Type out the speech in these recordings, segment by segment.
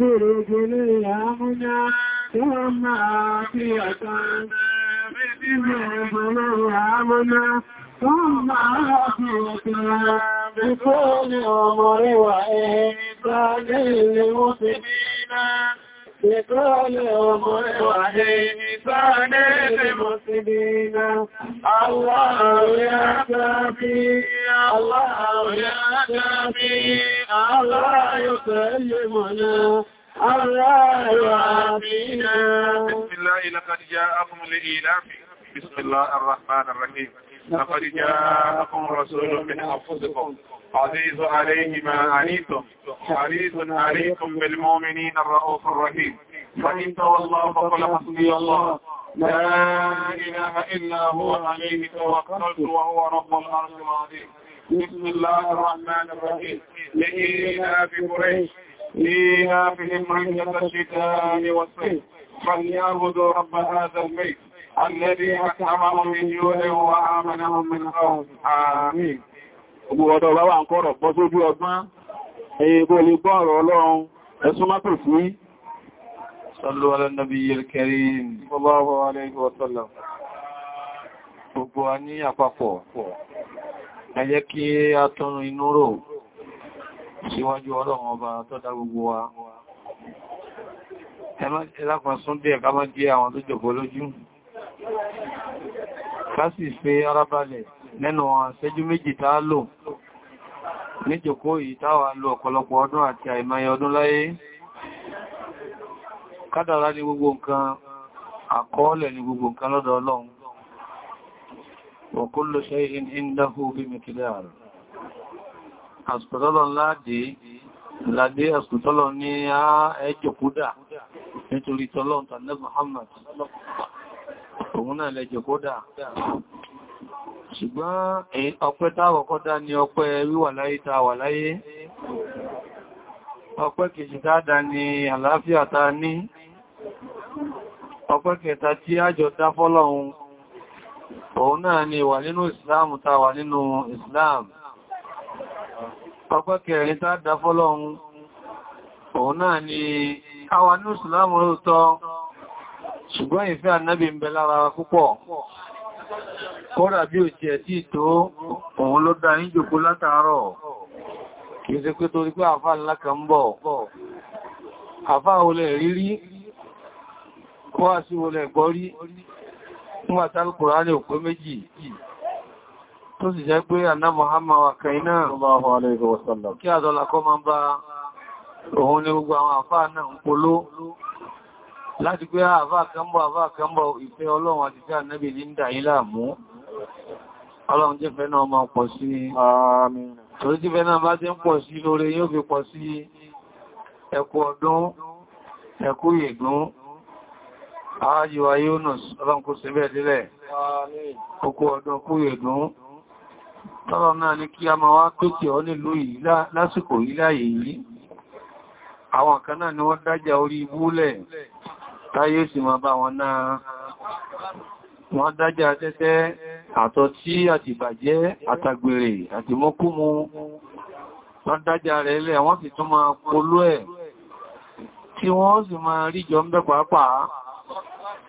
برجل يمنى ثم آتية برجل يمنى ثم آتية بكل عمر وإنسان لمسلمين بكل عمر وإنسان لمسلمين الله يكفي الله يا نبي الله يسلمنا الله يعافينا بسم الله لقد جاءكم لإيلاف بسم الله الرحمن الرحيم لقد جاءكم رسول من أنفسكم عزيز عليه ما عنيتم حريص عليكم بالمؤمنين الرؤوف الرحيم فإن تولوا فقل حسبي الله لا إله إلا هو عليه توكلت وهو رب العرش العظيم بسم الله الرحمن الرحيم لإيلاف قريش لإيلافهم رحلة الشتاء والصيف فليعبدوا رب هذا البيت الذي أطعمهم من جوع وآمنهم من خوف آمين Gbogbo ọ̀dọ̀ bá wà ń kọ́rọ̀ bọ́ sójú ọgbọ́n, èèbò lè gbọ́ ọ̀rọ̀ Ọlọ́run, ẹ̀sùn má pè fún صلوا على النبي الكريم صلى الله عليه وسلم. Gbogbo a ní àpapọ̀ pọ̀ ẹ jẹ́ kí a tún inú rò síwájú ọlọ́run ọba tó dá gbogbo wa ẹlákan sún díẹ̀ ká má jẹ́ àwọn tó jòkó lójú kásì pé arábalẹ̀ nínú àṣẹ́jú méjì tá lò ní jòkó yìí táwà lò ọ̀pọ̀lọpọ̀ ọdún àti àìmáyẹ ọdún láyé kádàrá ní gbogbo nǹkan àkọọ́lẹ̀ ní gbogbo nǹkan lọ́dọ̀ ọlọ́run وكل شيء عنده بمقدار àsìkòtọ́lọ̀ láàdé láàdé àsìkòtọ́lọ̀ ní a ẹjọ kódà nítorí tọ́lọ̀ tàbí Muhammad òun náà lẹ́jọ kódà ṣùgbọ́n ni ọpẹ́ wíwà láyé táwà láyé ọpẹ́ ni Alaafia ta ni. ọpẹ́ kẹta tí a jọ òun náà ni wà nínú Islam ta wà nínú Islam ọgbọ́ kẹrin tá dá fọ́lọ́run òun náà ni káwà nínú Islam lóòtọ́ ṣùgbọ́n ìfẹ́ ànábì ń bẹ lára púpọ̀ kọ́dà bí ò ti ẹ̀ tí tó òun ló dá ní jòkó látàárọ̀ kìí ṣe pé torí pé àfá ńlá kan bọ̀ nígbàtí alkùránì òpé méjì tó sì jẹ́ pé anna Muhammad wa kainá kí ma ń bá ohun ní gbogbo àwọn àfáà náà ń poló láti pé àfáà kan bọ̀ àfáà kan bọ̀ ife olohun àti fẹ́ ànábì ní ń dàí láàmú ọlọ́run jẹ́ na náà máa pọ̀ sí torí tí fẹ́ náà ààyíwá Yunus ọlọ́nkú sí bẹ́ẹ̀ dílẹ̀ kòkó ọdún kú ìdún tọ́lọ náà ní kí a máa wá pèkì ọ nílùú yìí lásìkò yìí láyé yìí àwọn kan náà ni wọ́n dájà orí ibúlẹ̀ táyé sì máa bá wọn náà wọ́n dájà tẹ́tẹ́ àtọtí àti bàjẹ́ àtàgbèrè àti mọ́kúmu wọ́n dájà rẹ̀ lẹ́ wọ́n sì tún máa polú ẹ̀ tí wọ́n sì máa ríjọ ń bẹ́ pàápàá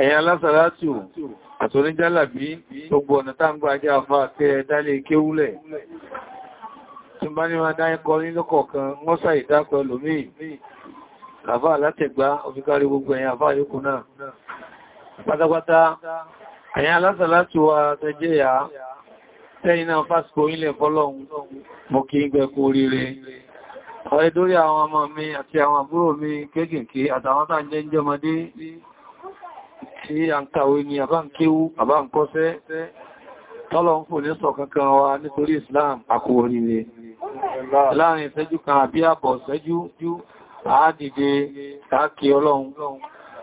ẹ̀yìn alásàlátù àtòríjálàbí gbogbo ọ̀nà tá ń gbà jẹ́ afá tẹ́ dálé kéwúlẹ̀ tí bá ní máa dáyẹ́ kọ nílọ́kọ̀ kan mọ́sà ìdákọ̀ ẹlòmí àfá alátẹ̀gbá òfikárí gbogbo ẹ̀yìn afá yókù náà pátápátá ẹ̀yìn alásàlátù wa tẹ́jẹ́yà tẹ́yìn náà fásikò ilẹ̀ fọ́lọ́hun ọ̀rẹ́dórí àwọn ọmọ mi àti àwọn àbúrò mi kéékèèké àtàwọn tàà jẹ́ ìjọmọdé tí a ń kàwé ní àbáǹkéwú àbáǹkọ́sẹ́ tọ́lọ̀ ń fò ní sọ kankan wa nítorí Islam àkòrí ni láàrin ìṣẹ́jú kan àbí àbọ̀ ìṣẹ́jú àádìde tàákí ọlọ́run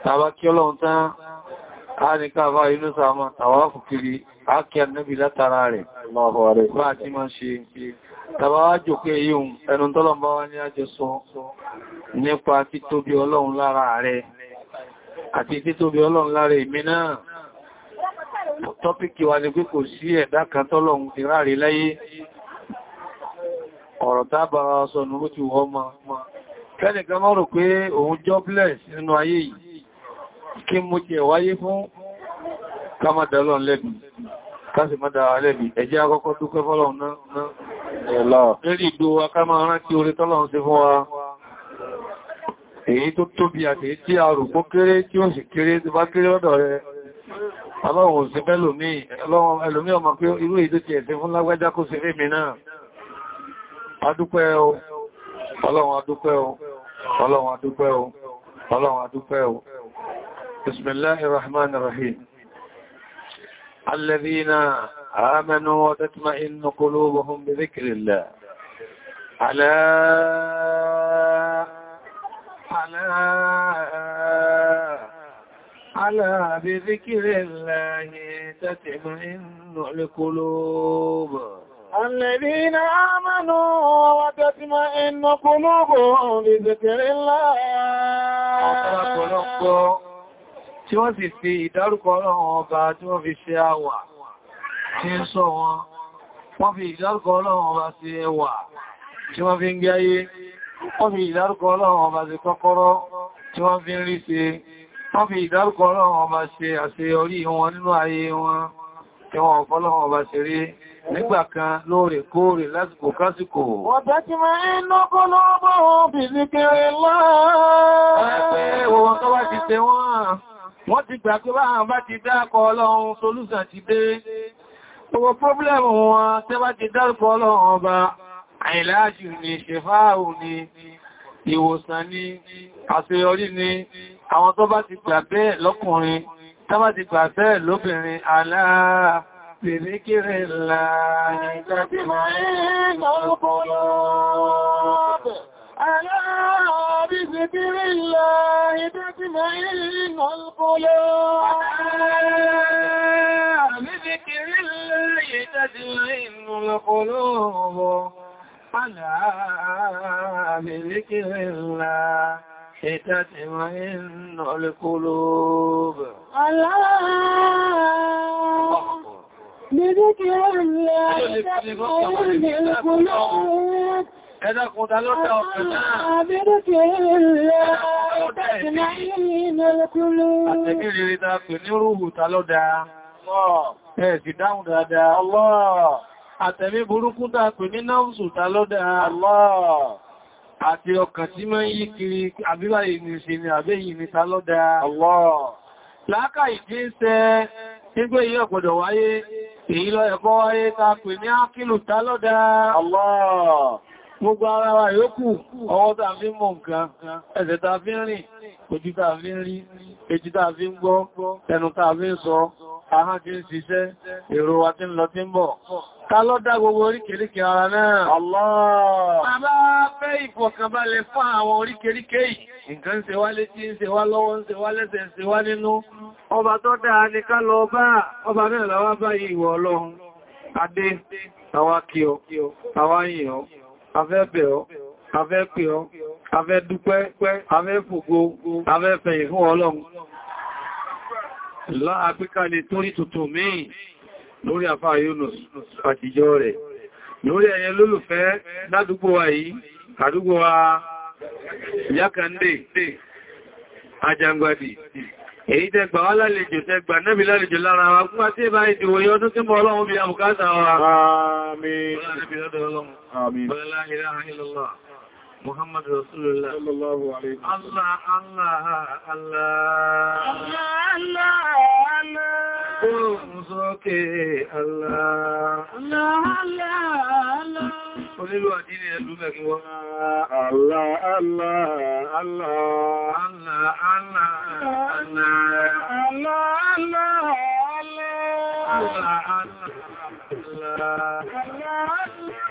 tàbá kí ọlọ́run tán àáríká bá inú sàmà tàwà fòkiri àákí annabi látara rẹ̀ bá ti máa ṣe tàbá wá jòkó èyí ẹnu tọ́lọ̀ bá wá ní àjọsọ nípa títóbi ọlọ́run àti títóbi ọlọ́run lára èmi náà tọ́pìkì wa ni pé kò sí ẹ̀dá kan tọ́lọ́run ti ráre láyé ọ̀rọ̀ tábàrà sọ̀nà ó ti wọ́n ma kẹ́nìkan mọ́ rò pé òun jobless nínú ayé yìí kí mú ti ẹ̀wáyé fún ká má dá Ọlọ́run lẹ́bi ká èyí tó tóbi àti èyí tí a rò pó kéré tí ó sì kéré tí bá kéré lọ́dọ̀ rẹ̀ aláwọ̀ òsì fẹ́lòmí ẹlòmí ọmọ pé irú èyí tó ti ẹ̀sẹ̀ fún lágbájá kó ṣe fẹ́ mi náà adúpẹ́ o ọlọ́run adúpẹ́ o ọlọ́run adúpẹ́ o ọlọ́run adúpẹ́ o bismillahir rahmanir rahim alladhina على على بذكر الله تتمئن القلوب الذين آمنوا وتتمئن قلوبهم بذكر الله ọ̀pọ̀lọpọ̀ tí wọ́n sì fi ìdárúkọ ọlọ́run ọba tí wọ́n fi ṣe àwà tí ń sọ wọn wọ́n fi ìdárúkọ ọlọ́run ọba sí ẹwà tí wọ́n fi ń gbáyé wọ́n fi ìdárúkọ ọlọ́run ọba ṣe kọ́kọ́rọ́ tí wọ́n fi ń rí ṣe wọ́n fi ìdárúkọ ọlọ́run ọba ṣe àṣeyọrí wọn nínú ayé wọn tí wọ́n ọ̀fọ́lọ́run ọba ṣe rí nígbà kan lóòrèkóòrè lásìkò kásìkò ọ̀dá ti máa ń lọ́kọ́ lọ́bọ̀ wọn fi sí kéré láàá wọ́n ti gbà pé báhàn bá ti gbogbo pọ́blẹ̀mù wọn tẹ́ ti dárúkọ ọlọ́run ọba àìláàjù ni ṣefáàrù ni ìwòsàn ni àṣeyọrí ni àwọn tó bá ti gbà bẹ́ẹ̀ lọ́kùnrin tó bá ti gbà bẹ́ẹ̀ lóbìnrin aláà bèbé kéré ńlá ألا بذكر الله تطمئن القلوب ألا بذكر الله تطمئن على بذكر الله تتمئن القلوب على بذكر الله تتمئن القلوب Ẹ̀dá kò dá lọ́dá ọ̀pẹ̀ náà. Àbẹ́rẹ́ kìí lọ ọ̀dá ìdínà ìrìnà lọ́kúlú. Àtẹ̀kì rí rí dáa pè ní rúhù tá lọ́dá. Ẹ̀ àtẹ̀mí burúkú tàà pè ní náùsù àti tí mọ́ yí kiri ni àbẹ́ yìí ni ta láàkà ìdí ṣẹ nígbé wáyé èyí lọ ẹ̀kọ́ ta pè ní ákìlù gbogbo ara wa ọwọ ọwọ́ ta fi mọ̀ nǹkan ẹsẹ̀ ta fi rìn ojú ta fi ta Aha ti ń ṣiṣẹ́ èrò wa ti ń lọ tí ń bọ̀ gbogbo oríkèríkè ara náà Allah bàbá fẹ́ ìfọ̀kànbalẹ̀ fún àwọn oríkèríkè yìí nǹkan ṣe wá létí ń ṣe wá lọ́wọ́ ń ṣe wá lẹ́sẹ̀ ṣe wá nínú ọba tó dáa ní ká lọ bá ọba náà Ade, láàpíká lè tó rí tuntun míì lórí àfá Yunus àtijọ́ rẹ̀ lórí ẹ̀yẹ lólùfẹ́ ládùgbò wa yìí àdúgbò wa Yákàndé Ajangbadi èyí tẹgbà wá lálejò tẹgbà nẹ́bí lálejò lára wa fún àti ìbá ìdìwò yọ ọdún tí mọ́ ọlọ́run bí i àmùkátà wa. Àmín. Bọ́lá محمد رسول الله صلى الله عليه وسلم الله الله الله الله الله قوم سوكي الله الله الله الله قليل وعدين يدوبك الله الله الله الله الله الله الله الله الله الله الله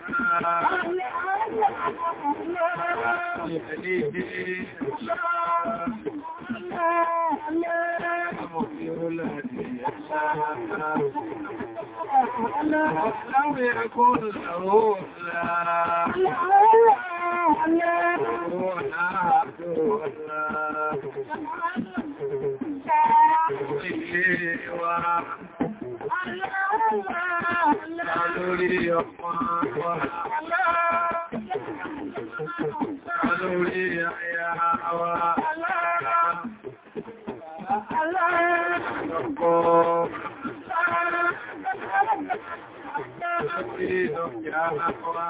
لم يكن له الله lórí ọmọ wa lórí aya wa ọkọ̀ lórí ọjà wa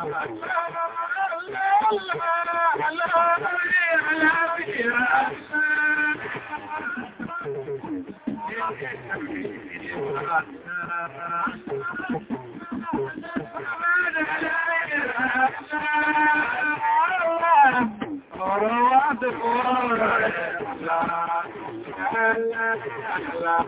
Oh,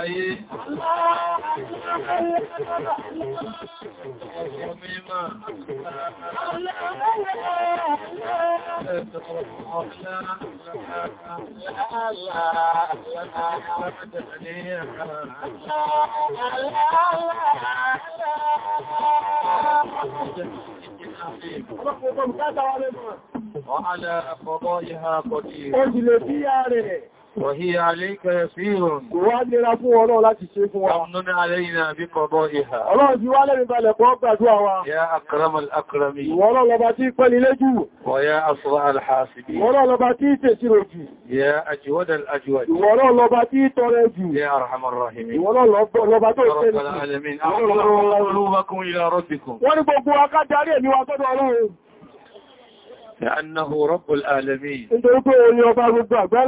ayé ọmọ mímọ̀ ẹ̀tọ́ ọ̀ṣá Wọ́n á lẹ́ àpọ̀bọ́ ìhà kọ̀dí. Ó jìlè bí i rẹ̀. وهي عليك يسير وادرا فún Ọlọ́run láti ṣe fún wa amnun alaina bi qada'iha Ọlọ́run fi wá lẹ́bi balẹ̀ kó gbàdúà wa ya akramal akrami Ọlọ́run lọ́ba tí pẹ́ ni léjú wa ya asra al hasibi Ọlọ́run lọ́ba tí tesiro jù ya ajwad al ajwad Ọlọ́run lọ́ba tí tọrẹ jù ya wọ́n لأنه رب العالمين. انت يقول يا بابا بابا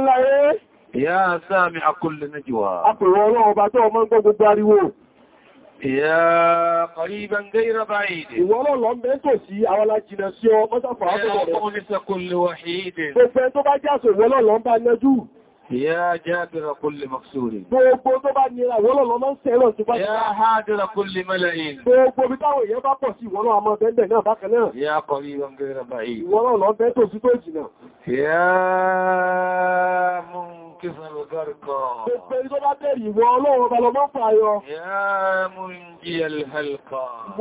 يا سامع كل نجوى أقوى الله بعده من قد داريوه يا قريبا غير بعيد ìwọ́lọ́ lọ mẹ́tò sí àwọlá tó bá ń bá nẹ́jú يا جابر كل مكسور gbogbo tó bá ìwọ́lọ́ lọ mọ́ sẹ́rọ̀ tó bá يا حاضر كل ملئ gbogbo bí táwọn èèyàn bá sí ìwọ́lọ́ àmọ́ bẹ́ẹ̀bẹ̀ náà bákan náà يا قريبا tó jìnà موقفا الغرقا يا منجي الهلقا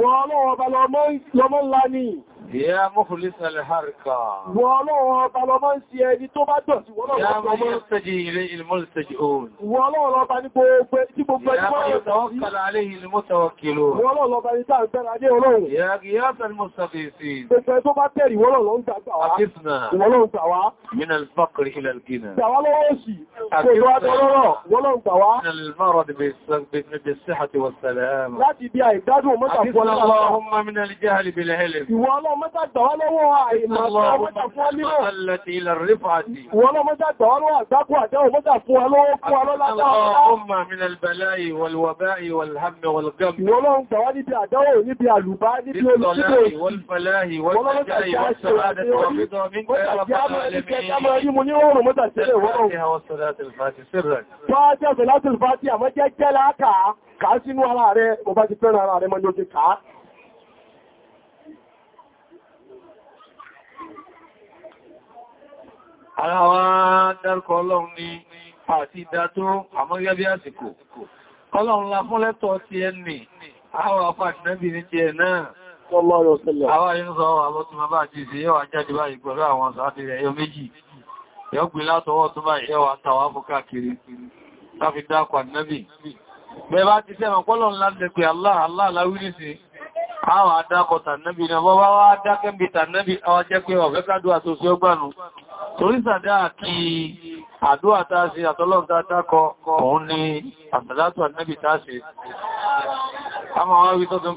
Ìyá mọ́kùnlẹ́sìn alẹ́hárìká. Wọ́n ọlọ́run ọba lọ máa ń ṣe ẹni tó bá dọ̀ sí wọ́n lọ́wọ́ ọba máa ń tẹ́jì ilé ìlmọ́lẹ́sẹ̀jì òun. Wọ́n ọlọ́run ọba ní gbogbo tí gbogbo ẹgbẹ́ ọ̀rọ̀ ìtàwọ́kàlà aléhìn ilmọ́tàwọ́kìlò. Wọ́n ọlọ́run ọba ní tàbí bẹ́ra dé ọlọ́run. Ìyá gíyàtà ilmọ́sàfẹ́sì. Gbogbo ẹ tó bá tẹ̀rì wọ́n ọlọ́run ń gbàgbà wá. Àkífnà. Ọlọ́mọ́ta gbọ́wọ́ lọ́wọ́ àìmọ̀ ọmọ́ta fún ọlọ́wọ́ ọmọ́ta gbọ́wọ́ lọ́wọ́ àgbákò àjẹ́ ọmọ́ta fún ọlọ́wọ́ fún ọlọ́lá Allahumma min al-bala'i wal-waba'i wal-hammi wal-gham. Ọlọ́run gbọ́wọ́ níbi àdáwò níbi àlùbá níbi olùsílẹ̀. Wal-falahi wal-najai was-sa'adati wa ridha minka ya rabbal alamin. Fatiha, Salatul Fatiha, ara wa dárúkọ ọlọ́run ní àti ìdátó àmọ́gẹ́bí àsìkò ọlọ́run la fún lẹ́tọ̀ ti ẹni àwọn àfàṣìnẹ́bì ní ti ẹ̀ náà àwọn àyínsọ àwọn tí ma bá jí sí yọ́ àjájú báyìí pẹ̀lú àwọn sàájú rẹ̀ yọ méjì yọ́ gbé látọwọ́ tó báyìí yọ́ àtàwà fún káàkiri láfi dákọ̀ àdínẹ́bì bẹ́ẹ̀ bá ti sẹ́wọ̀n pọ́lọ̀ ńlá lẹ́pẹ̀ aláàláwí àwọn adákọ̀ tànàbí ní ọba wá dákẹ́ bí tànàbí àwọn jẹ́ pé ọ̀fẹ́ kádùá tó sí ọgbànù torí sàdá kí àdúwà táa sí àtọ́lọ́ta dákọ̀ òun ni àsàlátù ànàbí táa sí àmà wá wí tọ́tún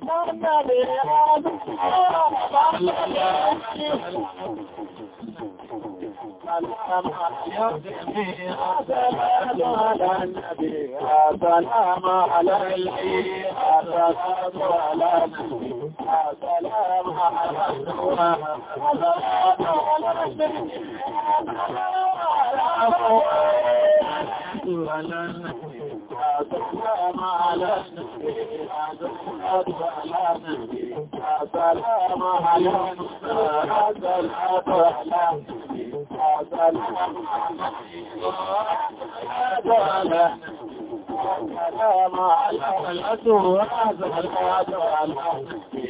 سلام على سلام على النبي سلام على سلام على سلام على سلام على النبي سلام على النبي سلام على النبي سلام على الأسر وعزم الحاجة على الحاجة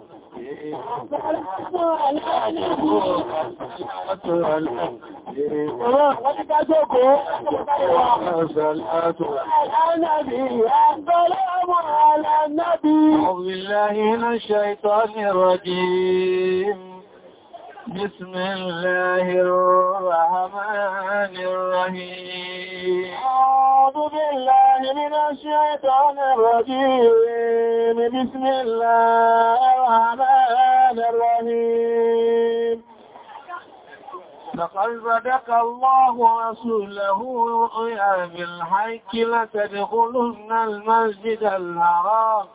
أعوذ بالله من الشيطان الرجيم بسم الله الرحمن الرحيم أعوذ بالله من الشيطان الرجيم بسم الله الرحمن الرحيم لقد صدق الله رسوله رؤيا بالحق لتدخلن المسجد الحرام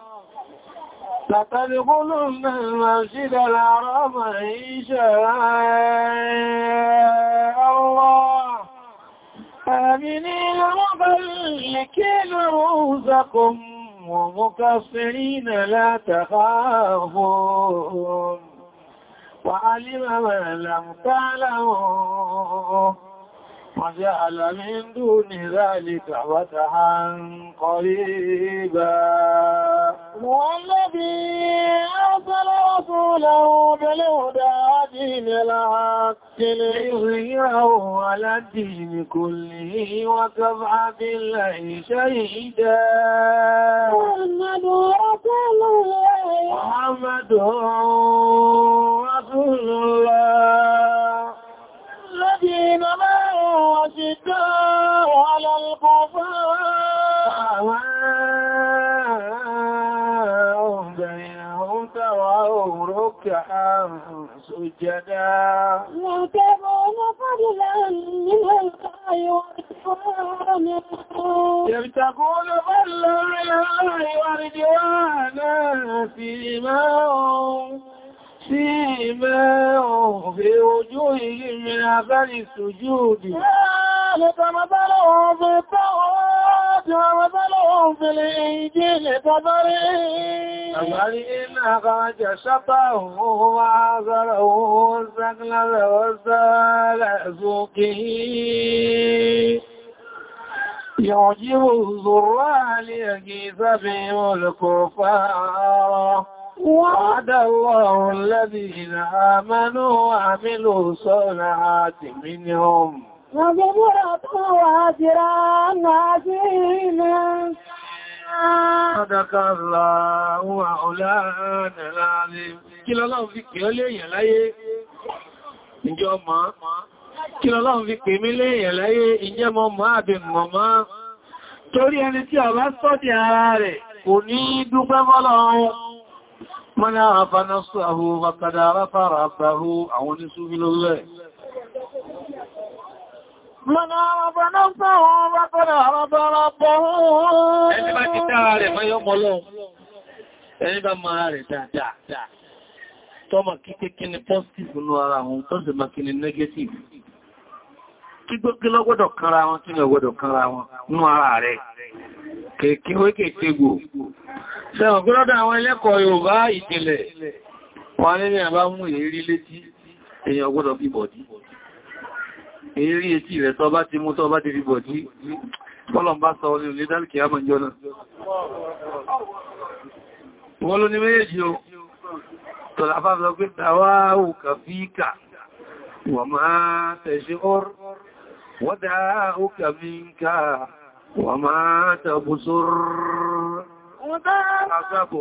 قلنا المسجد الحرام إن شاء الله آمنين مبلكين رؤوسكم ومقصرين لا تخافون وعلم ما لم تعلموا وجعل من دون ذلك فتحا قريبا والذي أرسل رسوله بالهدى دين الحق ليظهره على الدين كله وكفى بالله شهيدا محمد رسول الله محمد رسول الله ركعا سجدا يعتبون فضلا من الله ورضوانا يبتغون فضلا من الله ورضوانا فيما هم فيما في وجوههم من أثر السجود ذلك مثلهم في التوراة ومثل لهم في الإنجيل كبرين كبرين أخرج شطاه وعذره والسكن والسال سوقه يعجب الزراع ليجيث بهم الكفار وعد الله الذين آمنوا وعملوا صلحات منهم وزبرت مواسرا عظيما صدق الله وعلان العظيم kí lọ́lọ́run fi kí ọ léèyàn láyé ìjọ mọ́ kí lọ́lọ́run fi pè mí léèyàn láyé ìjẹ́ mọ́ mọ́ àbí mọ́ mọ́ torí ẹni tí a bá sọ́dì ara rẹ̀ kò ní dúpẹ́ fọ́lọ́run mọ́nà àfánà sọ́hù wàkàdà aráfàrà àfàrà àwọn oníṣúfí lórílẹ̀ من عرف نفسه فقد عرف ربه ẹni bá ti dára rẹ̀ mọ́ yọ́ mọ́lọ́ ẹni bá máa rẹ̀ dáadáa tó ma kí kékí ni positive ní ara wọn tó sì kí ni negative kí gbogbo lọ́gbọ́dọ̀ kanra wọn kí lọ́gbọ́dọ̀ kanra wọn ní ara rẹ̀ kèkí ó kèkí gbò sẹ́wọ̀n gbọ́dọ̀ àwọn ẹlẹ́kọ̀ọ́ Yorùbá ìjìnlẹ̀ wọn ní àbá mú èrí létí èèyàn gbọ́dọ̀ bíbọ̀dí èrí etí rẹ̀ tọ́ bá ti mú tọ́ bá ti fi bọ̀ tí Ọlọ́run bá sọ ní onídálìkì àmàjọ́ náà wọ́n ló ní méjèèjì o tọ́láfà sọ pé tàwà òkà fíkà wà máa tẹ̀ṣe ọrọ̀ wọ́dá òkà wà máa tàbù sọ́rọ̀ wọ́dá àṣàbò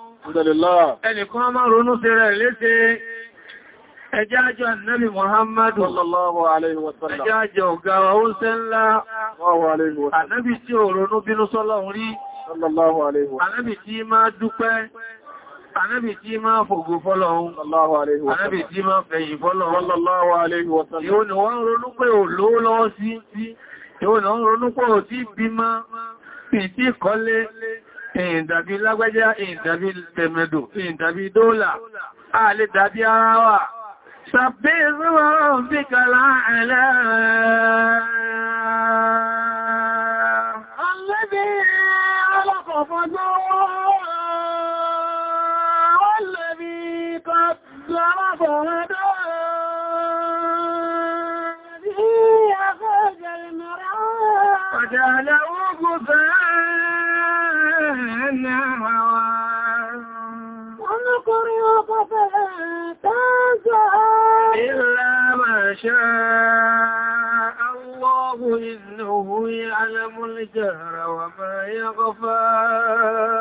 ẹnìkan máa ronú sí rẹ̀ léṣe ẹjá àjọ annabi Muhammad sallallahu alaihi wasallam ẹjá àjọ ọ̀gá wa ó sẹ́ ńlá annabi tí ò ronú bínú sọ́lọ́run rí sallallahu alaihi wasallam annabi tí máa dúpẹ́ Anábì tí máa fògùn fọ́lọ́run, anábì tí máa fẹ̀yìn fọ́lọ́run, yóò ni wọ́n ronú pé ò lówó lọ́wọ́ sí, yóò ni wọ́n ronú pé ò tí bí máa, pì tí kọ́lé, ìdàbí lágbẹ́já ìdàbí tẹ̀mẹ̀dò ìdàbí dólà a lè dàbí ara wa sàbí ìrúwà òbí kàlá ẹ̀lẹ́ Alẹ́bí alákọ̀ọ́fọ́jọ́ wọ́n lẹ́bí kọ́ يشاء الله إنه يعلم الجهر وما يغفر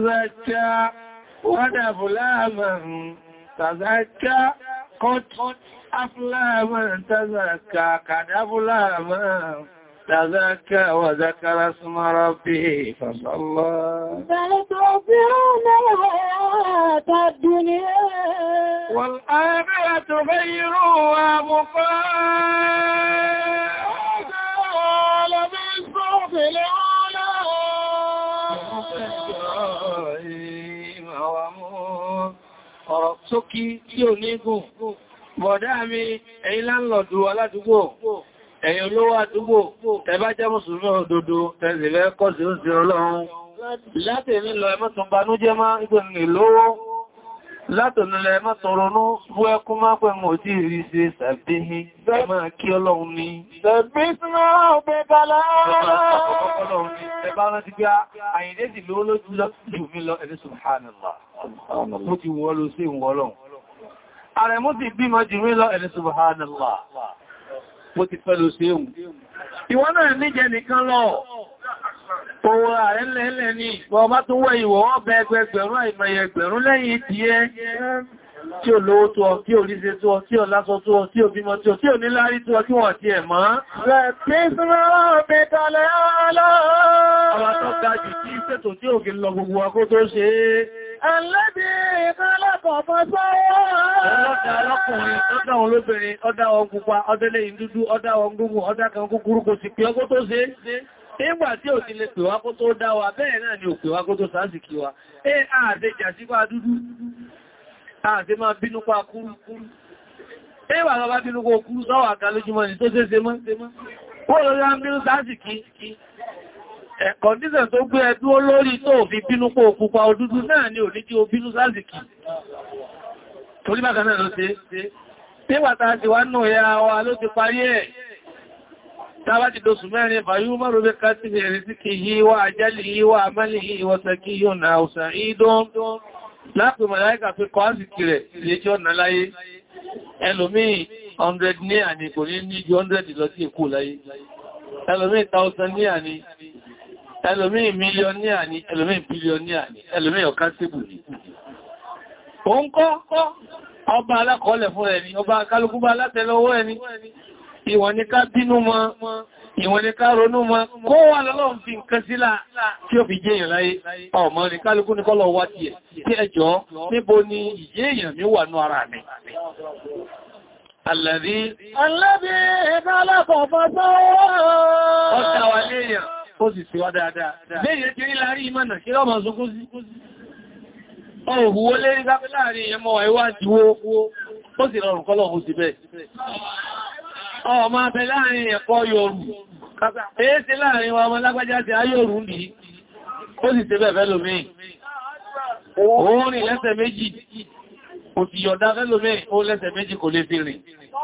تزكى ونفلا فلاما تزكى قد أفلاما تذكى تزكى قد أفلاما تزكى وذكر اسم ربه فصلى بل تؤثرون الحياة الدنيا والآخرة خير وابقى قال بالصوت لهم ọ̀rọ̀ sókí tí ò ní gùn bọ̀dá mi ẹ̀yin láńlọ̀dù aládùúgbò ẹ̀yin olówó àdúgbò tẹ́bá jẹ́ mùsùlùmí òdodo tẹ́lẹ̀ lẹ́kọ́ sí ó ń sí ọlọ́run láti ní lọ ẹmọ́tùnbanú látọ̀lọ́lẹ̀ má sọ̀rọ̀ ní bú ẹkún má pẹ̀ mọ̀ tí rí ṣe kí ọlọ́run ní ṣẹ̀bí ọ̀pẹ́ kálá ẹbá rántí bí àyìnlẹ́ sì ló lójú jù mí lọ ẹni subhanallah mo ti wọ́ ló sí ìwọ́ ọlọ́run ààrẹ mo ti bímọ jù mí lọ ẹni subhanallah mo ti fẹ́ ló Owó ààrẹ lẹ́lẹ́ ní wọ́n bá tún wẹ́ ìwọ̀ wọ́n bẹ ẹgbẹgbẹ̀rún àìmọ̀yẹ ẹgbẹ̀rún lẹ́yìn tí tí ò lówó tó ọ, tí ò ríṣe tó ọ, tí o lásọ tó ọ, tí ò bímọ tó ọ, tí ò níláàrí tó ọ, tí wọ́n ti ẹ̀ mọ́. Rẹ̀ ọdá ọdá ọdá ọdá kan Nígbà tí ò ti lè pè wá kó tó dá wa, bẹ́ẹ̀ náà ni ò pè wá kó tó sásìkí wa. Ẹ ààdé jàsípá dúdú, ààdé máa bínú pa kúrú kúrú. Ẹ wà lọ bá bínú kó kúrú sọ́wà ká lójúmọ́ ni tó ṣe ṣe mọ́. Ó lọ lá bínú bínú kó pupa òdúdú náà ni ò ní tí ó bínú sásìkí. Torí bákan ya wa ló tàbá ti dóṣù mẹ́rin fàyú mọ́rún bí ká ti bẹ̀rẹ̀ sí kì yí wá àjálì yí wá àmẹ́lì yí wọ́sẹ̀ kí yóò na ọ̀sẹ̀ ìdún lápẹ̀ mọ̀láíkà fi kọ́ àsìkì rẹ̀ ilé tí ó nà láyé ẹlòmíì 100 ní àní kò ní ní ju 100 lọ sí èkó láyé ìwọ̀n ni ká bínú mọ́ ìwọ̀n ronú mọ́ kó wà lọ́lọ́run fi nǹkan sílá tí ó fi jẹ́ èèyàn láyé ọmọ ní kálukú ní kọ́lọ̀ wá tiẹ̀ tí ẹjọ́ níbo ni ìyé èèyàn mi wà ní ara mi Àlàbí Àlàbí ìbálàpọ̀ fọ́sọ́ ọmọ máa bẹ láàrin ẹ̀kọ́ yòrù èé sí láàrin wa ọmọ lágbàjá ti ayòrù ní ó sì ṣe bẹ́ẹ̀ fẹ́lòmí òun rìn lẹ́sẹ̀ méjì kò sì ó lẹ́sẹ̀ méjì kò lè fi rìn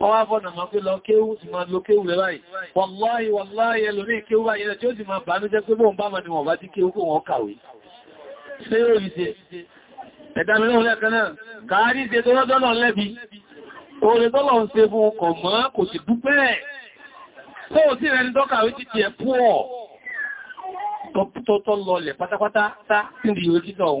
wọ́n wá fọ́nà máa pé lọ kéwú ti máa lo kéwú rẹ̀ báyìí wọ́láyìí wọ́láyìí ẹlòmí kéwú ayẹrẹ tí ó sì máa bàánú jẹ́ pé bóun bá mọ̀ ni wọ́n bá ti kéwú kó wọ́n kàwé ṣe ó rí ṣe ẹ̀dá mìíràn lẹ́kan náà kàárí ṣe tó rọ́dọ́nà lẹ́bi oore tọ́lọ̀ ń ṣe fún ọkọ̀ mọ́ kò sì dúpẹ́ ẹ̀ tó ò sí rẹni tọ́kàwé ti tiẹ̀ pú ọ̀ pátápátá tá sí ìrìwé títọ̀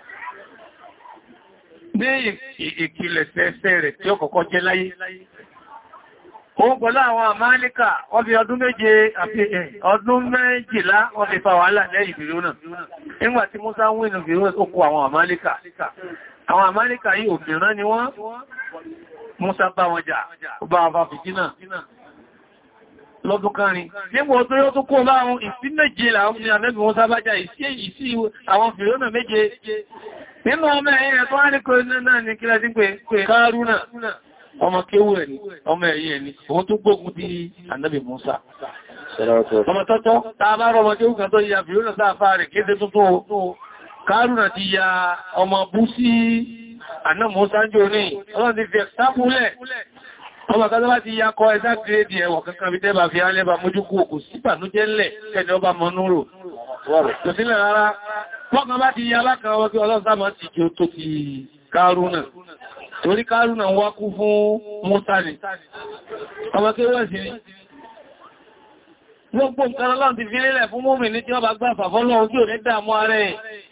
ní ìpìlẹ̀ tẹ́ẹ̀sẹ̀ rẹ̀ tí ó kọ́kọ́ jẹ́ láyé. Òun pẹ̀lú àwọn àmáníkà wọ́n fi ọdún méje àti ọdún méjìlá wọ́n fi fa wàhálà lẹ́yìn Fìrónà. Nígbà tí Músá wínú Fìrónà ó àwọn àmáníkà. Àwọn àmáníkà yìí òmìnira ni wọ́n. Músá bá wọn jà, ó bá wọn fa fìjínà lọ́dún kárin nígbà tó yóò tó kó láàrùn ìsí méje làwọn ní àmẹ́bì wọn sábájá ìsí èyí sí àwọn fìrónà méje nínú ọmọ ẹ̀yìn rẹ̀ tó wá ní kò náà ní kílá sí pé kárúnà ọmọ kéwù rẹ̀ ni ọmọ ẹ̀yìn rẹ̀ ni òun tó gbógun ti ànábì Mùsá ọmọ tọ́tọ́ tàbá rọmọ kéwù kan tó yà fìrónà sáfà rẹ̀ kéde tuntun kárúnà ti ya ọmọ bú sí ànábì Mùsá jò ní ọlọ́dún ti fi ẹ̀ ọmọ kan tó bá ti yakọ ẹ̀dá kìrèdì ẹ̀wọ̀ kankan bí tẹ́bà fi alẹ́bà mójúkú òkú sípànújẹ́ ńlẹ̀ kẹ́ni ọba mọ́núrò tó sílẹ̀ rárá pọ́kan bá ti yalá kan wọ́n kí ọlọ́sàmọ́ ti jò tó ti kárúnà torí ni gbogbo nǹkan ọlọ́run ti fi lélẹ̀ fún mọ́mì tí wọ́n bá gbà fàfọ́lọ́ ojú ò ní dààmú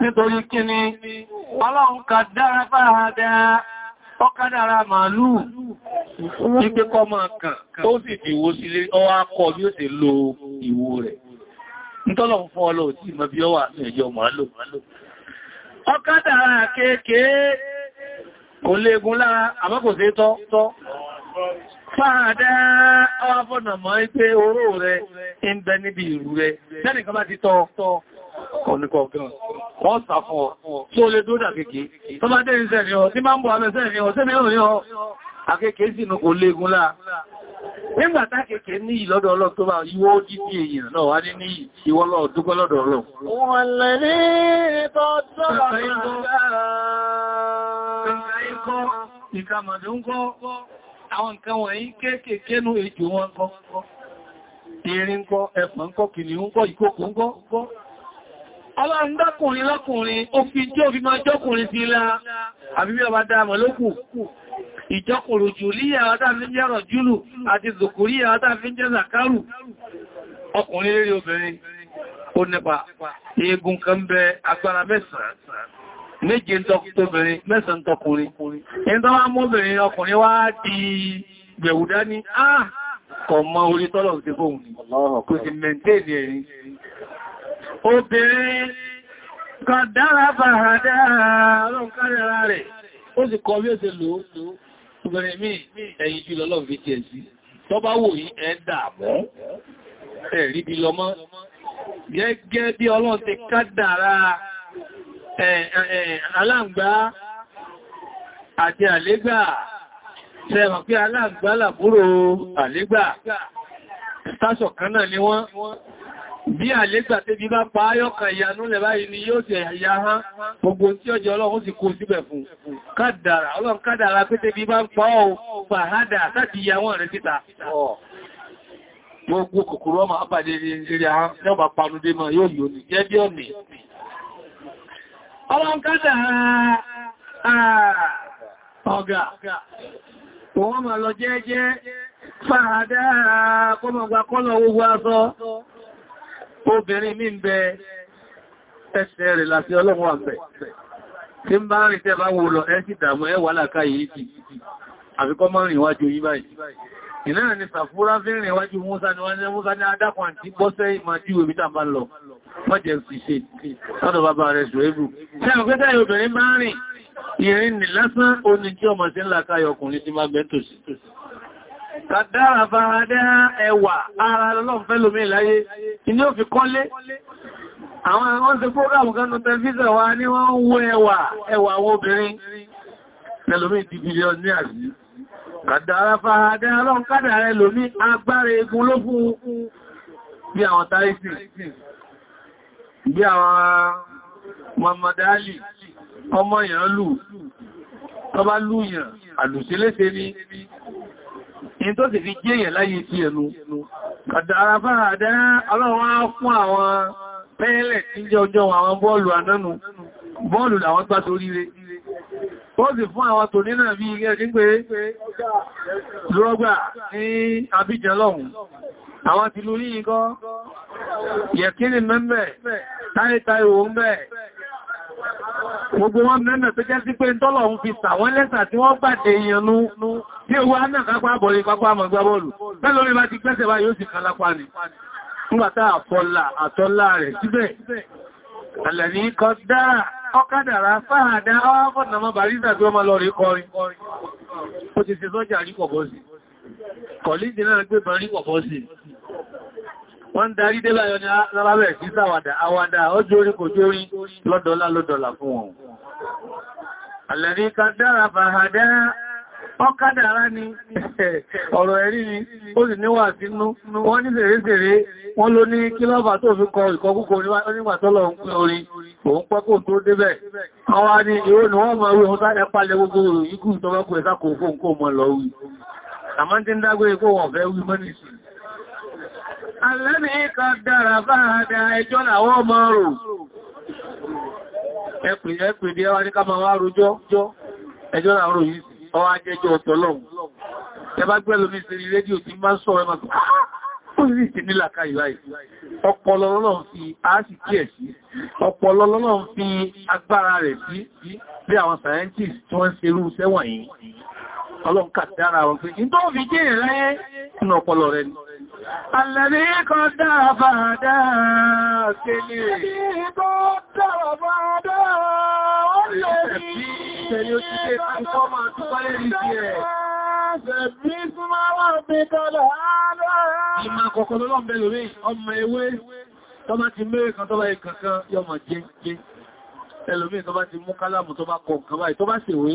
nítorí kí ni ọlọ́run ka dára fáradá ọkádàra màálù ìpékọ́ máa kàn tó sì fi wo sílé ọwá kọ bí ó sì lo ìwo rẹ̀ nítọ́lọ̀ fún ọlọ́ òtí ìmọ̀ bí ọwà àti ẹjọ́ màálù ọkádàra kéèkéé kò léegun lára àmọ́ tọ́ Fáàdá àwọn afọ́nàmọ́ ipé oró rẹ̀ ń bẹ níbi ìrù rẹ̀. Lẹ́nìkan bá ti tọ́ ọ̀nìkọ̀ọ̀gán. Wọ́n sà fún ọ, tí ó lè dódà kéèké. Tọ́ bá dẹ́ ìṣẹ́ ni ọ, tí máa ń bọ̀ abẹ́sẹ́ ni ọ, sí mẹ́rin ni ọ, akéèké sì nù kò léegun láà. Nígbà tákéèké ní ìlọ́dọ̀ ọlọ́ tó bá ìwọ ojú bí èèyàn náà wá ní ní ìwọ lọ dúpẹ́ lọ́dọ̀ ọlọ́. Wọ́n lè ní tọ́jọ́ ọ̀rọ̀ àwọn nǹkan wọ̀nyí kéékèèké nú ejò wọn kọ́ erin kọ́ ẹ̀fọn kọ́ kìnnìún kọ́ ìkókò kọ́ ọlọ́run dákùnrin lọ́kùnrin ó fi jẹ́ òfin máa jọ́kùnrin sí ilá àbíbí ọba dáàmọ̀ lókù ìjọkùnrù àti jẹ́ zàkárù ọkùnrin lérí obìnrin kan bẹ agbára mẹ́sàn méje tọkùnrin mẹ́sàn tọkùnrin ẹni tó wá mọ́bìnrin ọkùnrin wá di gbẹ̀wùdá ní ah kọ̀ mọ orí tọ́lọ̀ ti fóhùn ní kò sì mẹ́ntẹ́ẹ̀lì ẹ̀rin obìnrin kan dára fàhàdá ọlọ́run kárẹ́ra rẹ̀ ó sì kọ bí ó ṣe lò aláǹgbá àti àlégbà sẹ́wọ̀n pé aláǹgbá làbúrò àlégbà tásọ̀ kan náà ni wọ́n bí àlégbà tébí bá pa áyọ́kà ìyanú lẹ̀ báyìí ni yóò tẹ̀ ya ha gbogbo tí ọjọ́ ọlọ́run sì kó síbẹ̀ fún kádàrà ọlọ́run kádàrà pé tébí bá ń pa ọ́ fàhádà láti ya wọ́n rẹ̀ síta gbogbo kòkòrò ọmọ àpàdé ọlọ́n kádà ọ̀gá wọ́n ma lọ jẹ́jẹ́ fàádá kọmọ̀gbà kọ́nà owó aṣọ obìnrin mi ń bẹ ẹsẹ̀ rẹ̀ láti ọlọ́run àpẹ̀ tí ń bá rìn tẹ́ bá wò lọ ẹ́ sì dàmú ẹwà láká yìí ti àfikọ́ mọ́ rìn yí báyìí ìnáà ni sàfúrá fi rìn wájú Músá ni wọ́n ní Músá ní adákan àti bọ́sẹ́ ìmájú ìbítà bá lọ mọ́jẹ̀ òṣìṣẹ́ lọ́dọ̀ bàbá rẹ̀ ṣùgbẹ́bù. Ṣẹ́mù pé táyẹ̀ obìnrin máa rìn ìrìn nì lásán oní kí ọmọ sí ńlá káyọ ọkùnrin tí máa gbẹ́ tòṣì tòṣì. Kàdára faradá ẹwà ara lọ́fẹ́ lómi láyé, inú ò fi kọ́lé. Àwọn wọ́n ṣe prógrámù kánú tẹlifíṣàn wa ní wọ́n ń wo ẹwà ẹwà àwọn ní agbára egun ló fún bí àwọn tárísì bí àwọn mamadali ọmọ èèyàn lù tó bá lúyàn àlùsílése ní in tó sì fi jẹ́yàn láyé tí ẹnu kàdàrà fára dá ọlọ́wọ́ fún àwọn pẹ́ẹ̀lẹ̀ tí jẹ́ ọjọ́ àwọn bọ́ọ̀lù ànánú bọ́ọ̀lù làwọn gbá torí rẹ̀ ó sì fún àwọn tò nínà bí ilé ẹgbẹ́ lọ́gbà ní Abidjan lọ́hùn àwọn ti lórí ikọ́ yẹ̀kíní mẹ́mẹ́ táìtàí òun bẹ́ gbogbo wọn mẹ́mẹ́ tó jẹ́ sí pé tọ́lọ̀ ń fi sàwọn lẹ́sà tí wọ́n bàtẹ ìyànú tí owó anákápá bọ̀lẹ̀ pápá àmọ̀gbá bọ́ọ̀lù pẹ́lórí bá ti gbẹ́sẹ̀ bá yóò ni nígbàtá àfọ́lá àtọ́lá rẹ̀ síbẹ̀ àlẹ̀ní kọ dára ọkádàrá fáàdá ọwọ́fọ́nà mọ́ bàrísà tí ó máa lọ rí kọrin ó ti ṣe sọ́jà rí pọ̀pọ̀ náà gbé bàrí pọ̀pọ̀ sí wọ́n darí dé báyọ̀ ní alábẹ̀ sí sàwàdà àwàdà ọjọ́ orí kò jórí lọ́dọ̀lá lọ́dọ̀lá fún wọn àlẹ́rí ká dára fàhàdá ọkádàrá ni ọ̀rọ̀ ẹ̀rí ni ó sì níwà sínú wọ́n ní sèrésèré wọ́n ló ní tó fi kọ ìkọkúkọ nígbà ń pín orin òun pẹ́kò tó débẹ̀ ọwá ni ìwò ni wọ́n mọ̀ ọ̀tá ẹpàlẹ̀ gbogbo lọ wí Alẹ́bí kan dára bá dá ẹjọ́ làwọ́ ọmọ rò. Ẹpìn ẹpìn bí ẹwà ní ká máa wá rojọ́, ẹjọ́ làwọ́ rò yìí, ọwá jẹjọ́ ọ̀tọ̀ lọ́wọ́. Ẹ bá gbẹ́lú mi sí rédíò tí máa ń sọ ẹmà tó, ah, ó sì ti nílà ká ìwáyìí. Ọpọlọ lọ́lọ́run fi áásì kí ẹ̀ sí, ọpọlọ lọ́lọ́run fi agbára rẹ̀ sí bí àwọn scientists tí wọ́n ń ṣerú sẹ́wọ̀n yìí. Ọlọ́run kà dára wọn pé, ìtọ́ fi jẹ́ rẹ̀ nínú ọpọlọ rẹ̀ ni. الذي قدر فهدى الذي قدر فهدى Ìmá kọ̀kọ́ lọ́lọ́ ń bẹ̀rẹ̀ rí ọmọ ewé tó bá ti mẹ́rẹ̀ kan tó ìkankan yọmọ̀ jẹ́ jẹ́. Ẹlòmí tó ti mú kálámù tó bá báyìí tó sì wé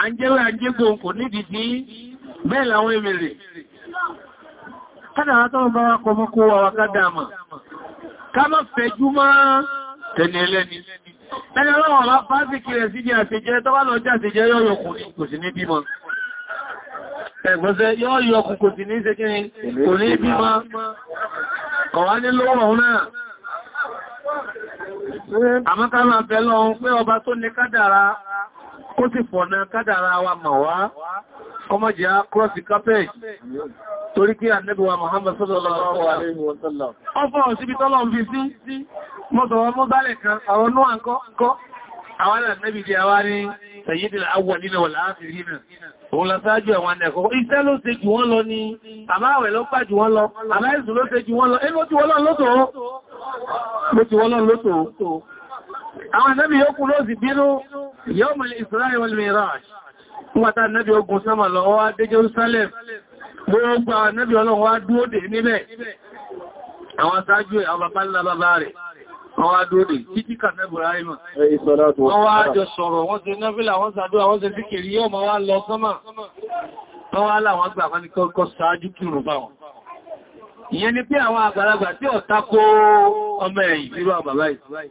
à ń jẹ́wẹ́ àjẹ́gbò kò nídi tí bẹ́ẹ̀ làwọn èmìrì kádàwà tó bá wá kọmọkó wa wá kádàmà ká má fẹjú mọ́ tẹni ẹlẹ́ni tẹni ọlọ́wọ̀ bá bá sì kí rẹ̀ sí ní àṣẹjẹ́ tó bá lọ jẹ́ àṣẹjẹ́ yọ́yọ̀ kò sí ní kó sì fọ̀nà kádàrà wa mà wá ọmọjẹ́ kúrọ́sì carpet torí pé ànẹ́bíwa Muhammad sallallahu alaihi wa sallam ọfọ́ òsìbí tọ́lọ̀ ń fi sí mọ́sọ̀wọ́ mọ́ bálẹ̀ kan àwọn náà ń kọ́ àwọn ànẹ́bí di àwá ní sayyidil awwalina wal akhirina òun la sáájú àwọn ẹ̀kọ́ iṣẹ́ ló ṣe jù wọ́n lọ ní àbáwẹ̀ ló pà jù wọ́n lọ àbáyẹ̀sù ló ṣe jù wọ́n lọ ẹgbẹ́ tí wọ́n lọ lótòó àwọn ànẹ́bí yókù ló sì bínú يوم الإسراء والميراج wata annabi ogun sama lọ wá dé Jerusalem gbogbo annabi ọlọ́run wá dúró dè níbẹ̀ àwọn sáájú ẹ̀ àwọn bàbá ńlá bàbá rẹ̀ wọ́n wá dúró dè títí kànẹ́bù ráìmà wọ́n wá jọ sọ̀rọ̀ wọ́n ṣe nẹ́fílà wọ́n ṣàdúrà wọ́n ṣe fíkèrí yóò mọ́ wá lọ sọ́mà wọ́n wá láwọn gbà fún kọ́kọ́ sáájú kírùn báwọn ìyẹn ni pé àwọn àgbàlagbà tí ó tako ọmọ ẹ̀yìn irú àwọn bàbá yìí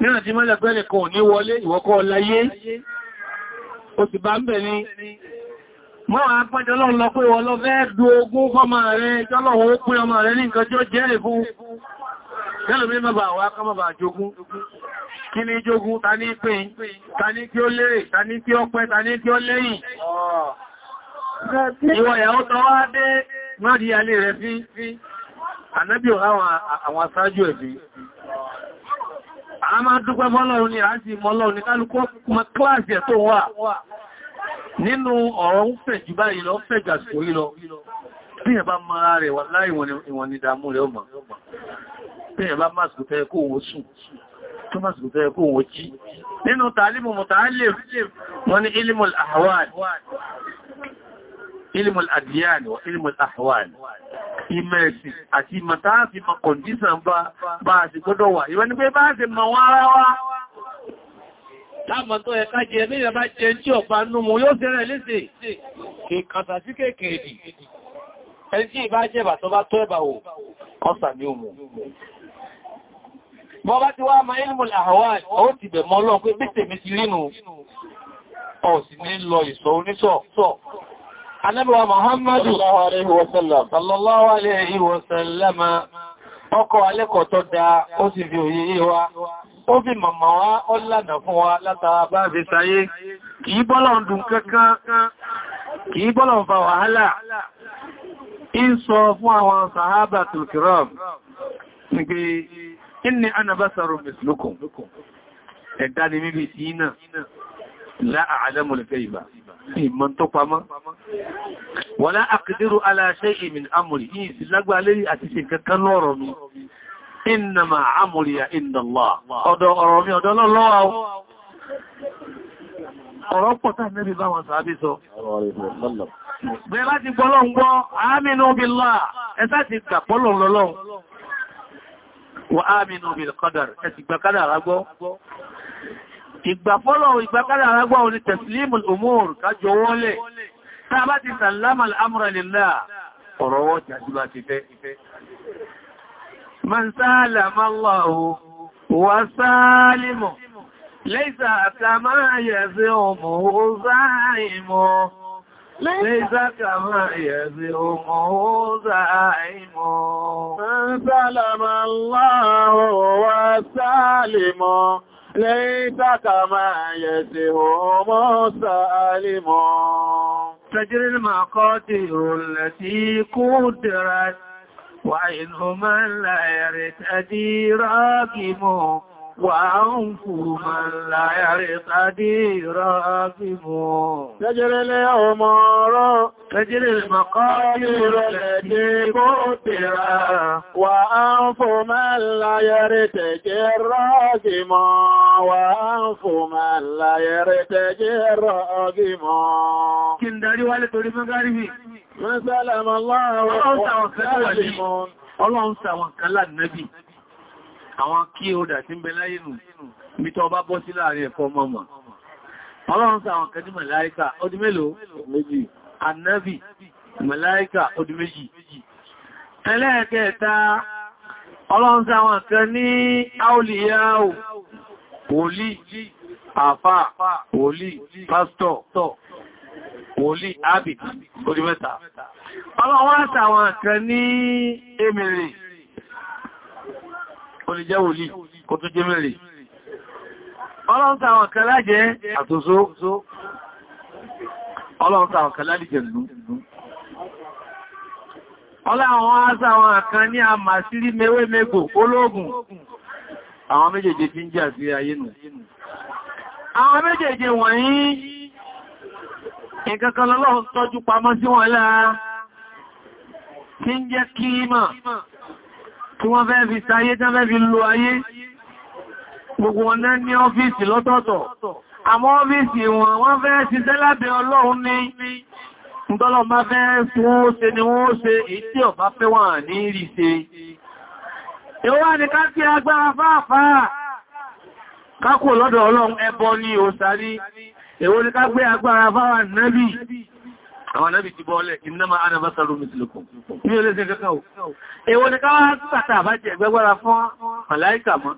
níwọ̀n tí mọ́lẹ̀ pẹ́lẹ̀ kan ò ní wọlé ìwọ́kọ́ láyé ó ti bá ń bẹ̀ ní mọ́ àpẹjọ́ lọ́n lọ pé wọ́n lọ fẹ́ du ogún fọ́mà rẹ̀ jọ́lọ̀wọ́ ó pín ọmọ rẹ̀ ní nǹkan tí ó jẹ́ ìfún gẹ́lùmí mọ́bà àwọn akọ́mọ̀bà jogún kí ní jogún ta ní pín ta ní kí ó lérè ẹ̀bí a máa dúpẹ́ fọ́lọ́run ni a sì mọ́lọ́run ní kálukọ́ ma kíláàsì ẹ̀ tó wà nínú ọ̀rọ̀ ń fẹ̀ jù báyìí lọ fẹ̀ jàsìkò yìí lọ bí ẹ bá mara rẹ̀ wà láì ìwọ̀n ni dàmú rẹ̀ ọmọ bí ẹ bá máa sùkútẹ́ kó wọ́n sùn tó máa sùkútẹ́ kó wọ́n jí nínú tàálìmù mọ̀tàálè wọ́n ní ilimul ahwal ilmù àdìyàn wà ilmù àhwàn ìmẹ̀ẹ̀sì àti ìmọ̀tàáfi ma kọ̀ndísàn bá bá àti gbọ́dọ̀ wà ìwọ́n ni pé bá àti mọ̀ wọ́n ara wá láàmà tó ẹ̀ká jẹ ní ìrẹ̀bá jẹ tí ọ̀pá nú mú yóò sẹ́rẹ̀ léṣe kìkàtà sí kéèkèèdì ẹni tí ìbá jẹ́ bàtọ́ bá tó ẹ̀bà wò ọ̀sà ní òmù bọ́ bá Anábíwa Muhammadu sallallahu alaihi wa sallama ọkọ̀ alẹ́kọ̀ọ́ tó dáa ó sì fi òye yé wa ó fi màmà wá ó lànà fún wa látara bá fi sáyé kìí bọ́lọ̀ ń dùn kankan kìí bọ́lọ̀ ń fa wàhálà in sọ fún àwọn sàhábà tulkiram nígbé inni ana basaru ẹ̀dá ni mímí sí náà láàálẹ́mù lẹ́fẹ́ ìbá ìmọ̀ tó pamọ́ wà láàkìdírò aláṣẹ́ ìmìn amòrì yìí sí lágbà lérí àti ṣe kankan lọ́rọ̀ mi innama amòrì ya indallá ọ̀dọ̀ ọ̀rọ̀ mi ọ̀dọ̀ lọ́lọ́wọ́ ọ̀rọ̀ pọ̀ tá nẹ́bí bá wọn sàábí sọ bẹ́ẹ̀ láti gbọ́lọ́ ń gbọ́ àmìnú bíllá ẹ̀sá ti gbà pọ́lọ̀ lọ́lọ́ wa aminu bil qadar ẹ ti gbà kádàrá gbọ́ ìgbàfọ́lọ̀ ìgbàkádà arágbà orí tẹ̀sílímù umur kájọ wọlé tá bá ti sàlámà al'amura lèlá ọ̀rọ̀ wọ́n ti àjíbá ti fẹ́ man sálàmà Allahu wa sálìmù lẹ́ìsà kàmá ليس كما يسه مسالم تجري المقاتل التي قدرت وإنهما لا يرد أدي راكمه وأنفوا من لا يرتدي راكبه تجري الأمار تجري المقادير التي قدرا وأنفوا من لا يرتدي الراكب وأنفوا من لا يرتدي الراكب كندري والتوري مغاربي ما سلام الله وسلم Ọlọ́run sàwọn kan láàrin nẹ́bì àwọn kí ó dà sí ń bẹ láyé nù bí tọ́ bá bọ́ sí láàrin ẹ̀kọ́ mọ́mọ̀ ọlọ́run sí àwọn kẹjú màláíkà ọdún mélòó méjì annabi màláíkà ọdún méjì ẹlẹ́ẹ̀kẹta ọlọ́run sí àwọn kan ní áùlìyàwó wòlí àfà wòlí pásítọ̀ wòlí ábìdì ọdún mẹ́ta ọlọ́run sí àwọn kan ní èmìrì ó lè jẹ́ wòlíì kó tó jẹ́ mẹ́rin ọlọ́run tàwọn kan lájẹ́ àtòsó ọlọ́run tàwọn kan lájẹ́ lú ọláwọn asáwọn kan ní a máa sírí mewé mego ológun àwọn méjèèjì tí ń jà sí ayé nù àwọn méjèèjì wọ̀nyí nǹkan kan lọ́lọ́run tọ́jú pamọ́ sí wọn lára tí ń tí wọ́n fẹ́ fi sáyé tán fẹ́ fi lo ayé gbogbo wọn náà ní ọ́fíìsì lọ́tọ̀ọ̀tọ̀ àmọ́ ọ́fíìsì wọn wọ́n fẹ́ ṣiṣẹ́ lábẹ́ ọlọ́run ní ǹdọ́lọ́ fẹ́ wọ́n ṣe ni wọ́n ṣe ìtí ọ̀bá fẹ́ ni ká kí agbára fáàfáà kákò lọ́dọ̀ ọlọ́run ẹbọ ní òsàrí ni ká gbé agbára fáwà nábì àwọn anábì ti bọ́ọ̀lẹ̀ ìnáma anabásarò mìtìlùkùn ní olóòsẹ́ kẹ́kọ̀ọ́ èwo ni káwàá tàtà àbájẹ̀ gbẹ́gbẹ́ra fún màláíkà mọ́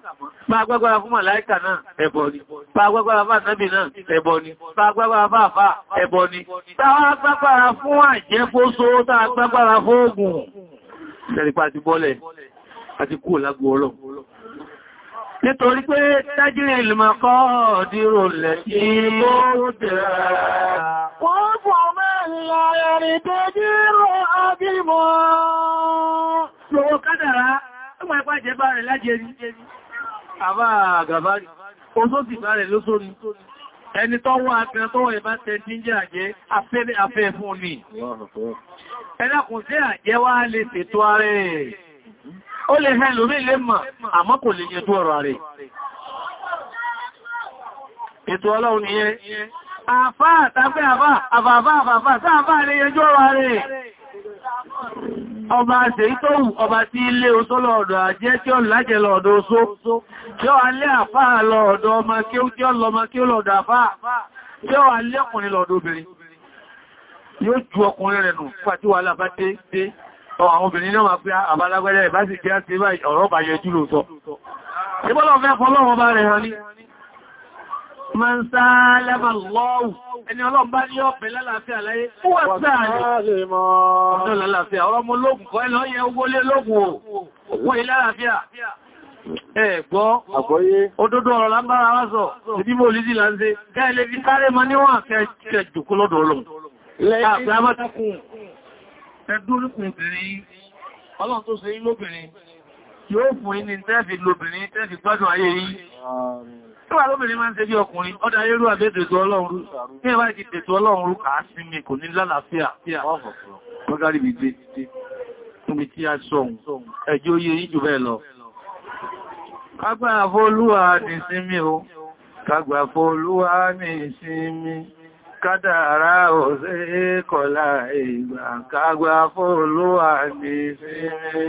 pa gbẹ́gbẹ́ra fún màláíkà náà ẹbọ ni pa gbẹ́gbẹ́ra fún ànábì náà ẹbọ ni pa gbẹ́gbẹ́ra fún àfà ẹbọ ni táwà gbẹ́gbẹ́ra fún àjẹ́fóso táà gbẹ́gbẹ́ra لا يرد جير أبيمو Lọ́wọ́ kádàrá, ọmọ ẹ̀pá jẹ bá rẹ̀ lájẹrí, àbá àgàbárí, ó tó sì bá rẹ̀ lóṣòrí, ẹni tó wọ́n àfẹ́ tó wọ́n ìbá tẹ jíjẹ́ àjẹ́ afẹ́ fún ni. Ẹlákùn sí àjẹ́ wá lè tètò ààrẹ. Ó lè hẹ́ lórí ilé mọ̀, àmọ́ kò lè yẹ tó ọ̀rọ̀ ààrẹ. Ètò ọlọ́run àfá àtàfẹ́ àfá àfàfá àfàfá sáàfá lè yẹjọ́ wà rẹ̀ ọba ṣe ìtòhùn ọba tí ilé oṣó lọ́ọ̀dọ̀ àjẹ́ tí ó lájẹ́ lọ́ọ̀dọ̀ oṣó tí ó alẹ́ àfá lọ́ọ̀dọ̀ ọmọ kí ó tí ó lọmọ kí ó lọ́ọ̀dọ̀ àfá tí ó alẹ́ ọkùnrin lọ́ọ̀dọ̀ obìnrin yóò ju ọkùnrin rẹ̀ nù pàtí wà lábá dé dé àwọn obìnrin náà máa pé àbálágbẹ́rẹ́ ìbá sì jẹ́ àti ìbá ọ̀rọ̀ bàyẹ̀ jù lóòtọ́ man sáàlẹ́bà lọ́wù ẹni ọlọ́run bá ní ọ̀pẹ̀ lálàáfíà láyé fúwà sáàlẹ̀ ọ̀dọ́ lálàáfíà ọ̀rọ̀ mú lóògùn kọ́ ẹlọ́ yẹ owó lé lóògùn òkú ìlàáfíà ẹ̀gbọ́ òdodo ọ̀rọ̀ lámbára wá sọ ìdíbò olídí là ń ṣe kẹ́ẹ̀lẹ́ fi sáré mọ́ níwọ̀n kẹ́ jùkú lọ́dọ̀ ọlọ́run Ọlọ́run tó ṣe ilóbìnrin yóò fún yín ní tẹ́ẹ̀fì lóbìnrin tẹ́ẹ̀fì gbádùn ayé yìí tó wà lóbìnrin máa ń tẹ́bí ọkùnrin ọdá ayérú àbẹ́dẹ̀dù ọlọ́run rú ní ẹwà ìdẹ̀dù ọlọ́run rú kàá sí mi kò ní lálàáfíà ọgárì bí gbé títí tóbi tí a sọ̀hun ẹjọ́ yé yí jù bẹ́ẹ̀ lọ kágbà fọ́lúwà ní sinmi o kágbà fọ́lúwà ní sinmi kádàrá òsè kọlá ìgbà kágbà fún olúwa ní fíìmí.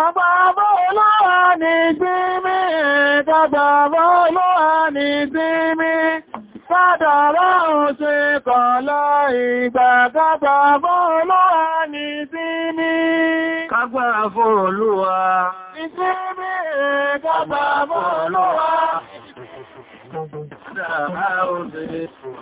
Kàgbà bọ́ olúwa ní fíìmí, kàgbà bọ́ olúwa ní fíìmí, kádàrá òsè kọlá ìgbà kágbà fún olúwa ní fíìmí. Kàgbà fún olúwa ní fíìmí, kàgbà fún olúwa ní fíìmí.